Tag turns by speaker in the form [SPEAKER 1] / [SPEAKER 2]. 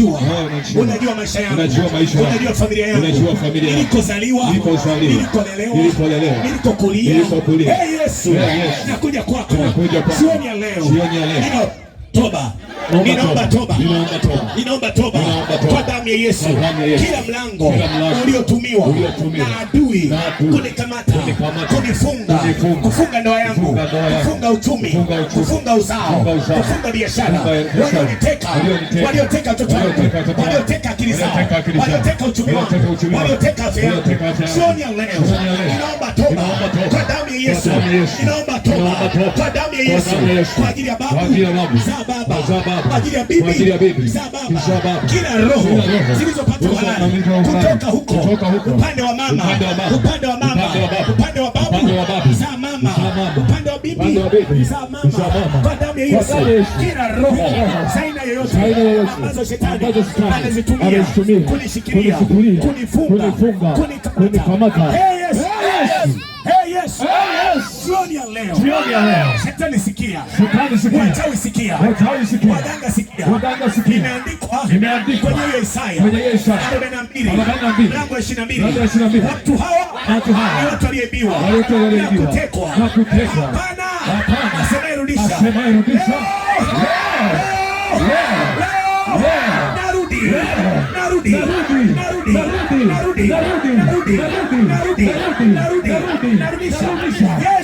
[SPEAKER 1] Unajua unajua maisha yangu,
[SPEAKER 2] unajua maisha
[SPEAKER 1] yangu, unajua familia yangu,
[SPEAKER 2] unajua familia
[SPEAKER 1] yangu, nilikozaliwa, nilikozaliwa, nilikolelewa,
[SPEAKER 2] nilikolelewa,
[SPEAKER 1] nilikokulia, nilikokulia. Hey Yesu, nakuja kwako,
[SPEAKER 2] nakuja kwako,
[SPEAKER 1] sioni leo, sioni leo toba, ninaomba toba, ninaomba toba kwa damu ya Yesu. Kila mlango uliotumiwa na adui kunikamata, kunifunga, kufunga ndoa yangu, kufunga uchumi, kufunga uzao, kufunga biashara,
[SPEAKER 2] walioteka,
[SPEAKER 1] walioteka watoto wangu, walioteka akili zao, walioteka uchumi
[SPEAKER 2] wangu,
[SPEAKER 1] walioteka afya yangu, jioni ya leo
[SPEAKER 2] inaomba
[SPEAKER 1] toba kwa damu ya Yesu, inaomba toba kwa damu ya Yesu, kwa ajili ya
[SPEAKER 2] babu za baba, kwa ajili ya bibi za baba,
[SPEAKER 1] kila roho zilizopata halali kutoka huko upande wa mama, upande wa mama mzaa mama, upande wa bibi mzaa mama, kwa damu ya Yesu, kila roho zaina yoyote ambazo shetani
[SPEAKER 2] anazitumia
[SPEAKER 1] kunishikilia, kunifunga,
[SPEAKER 2] kunikamata, hey Yesu, hey Yesu
[SPEAKER 1] Jioni ya leo.
[SPEAKER 2] Jioni ya leo.
[SPEAKER 1] Shetani sikia.
[SPEAKER 2] Shetani sikia.
[SPEAKER 1] Wachawi sikia.
[SPEAKER 2] Wachawi sikia.
[SPEAKER 1] Waganga sikia.
[SPEAKER 2] Waganga sikia.
[SPEAKER 1] Imeandikwa. Imeandikwa. Kwenye Isaya. Kwenye Isaya. 42. 42. Mlango wa 22.
[SPEAKER 2] Mlango wa 22. Watu hawa. Watu
[SPEAKER 1] hawa. Watu walioibiwa.
[SPEAKER 2] Watu walioibiwa. Na kutekwa. Na kutekwa. Hapana. Hapana.
[SPEAKER 1] Asema irudisha.
[SPEAKER 2] Asema irudisha. Leo. Leo. Leo. Narudi.
[SPEAKER 1] Narudi. Narudi. Narudi. Narudi. Narudi. Narudi. Narudi. Narudi. Narudi. Narudisha.
[SPEAKER 2] Yes.